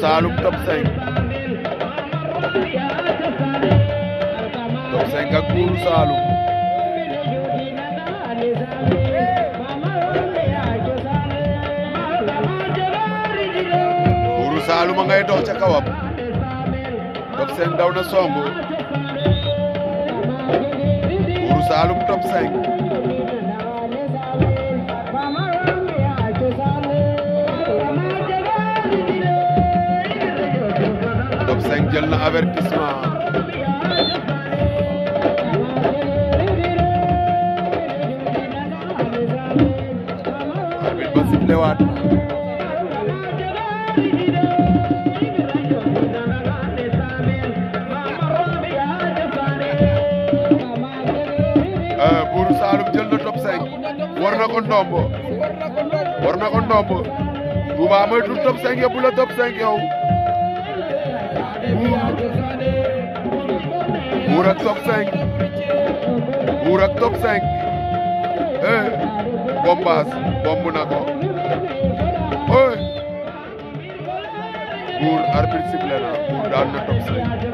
Saloum top 5 top a ngay dox ca kawam top daw na somb Buur Saloum top Pape Seng jël na avertissement arbitre ba euh, war na ko ndombo war na ko ndombo Touba moytu Top la Top 5 yow Buur ak top 5 buur ak top 5 eh bombaas bomb na ko eh buur arbitre sifflé na buur daan na top 5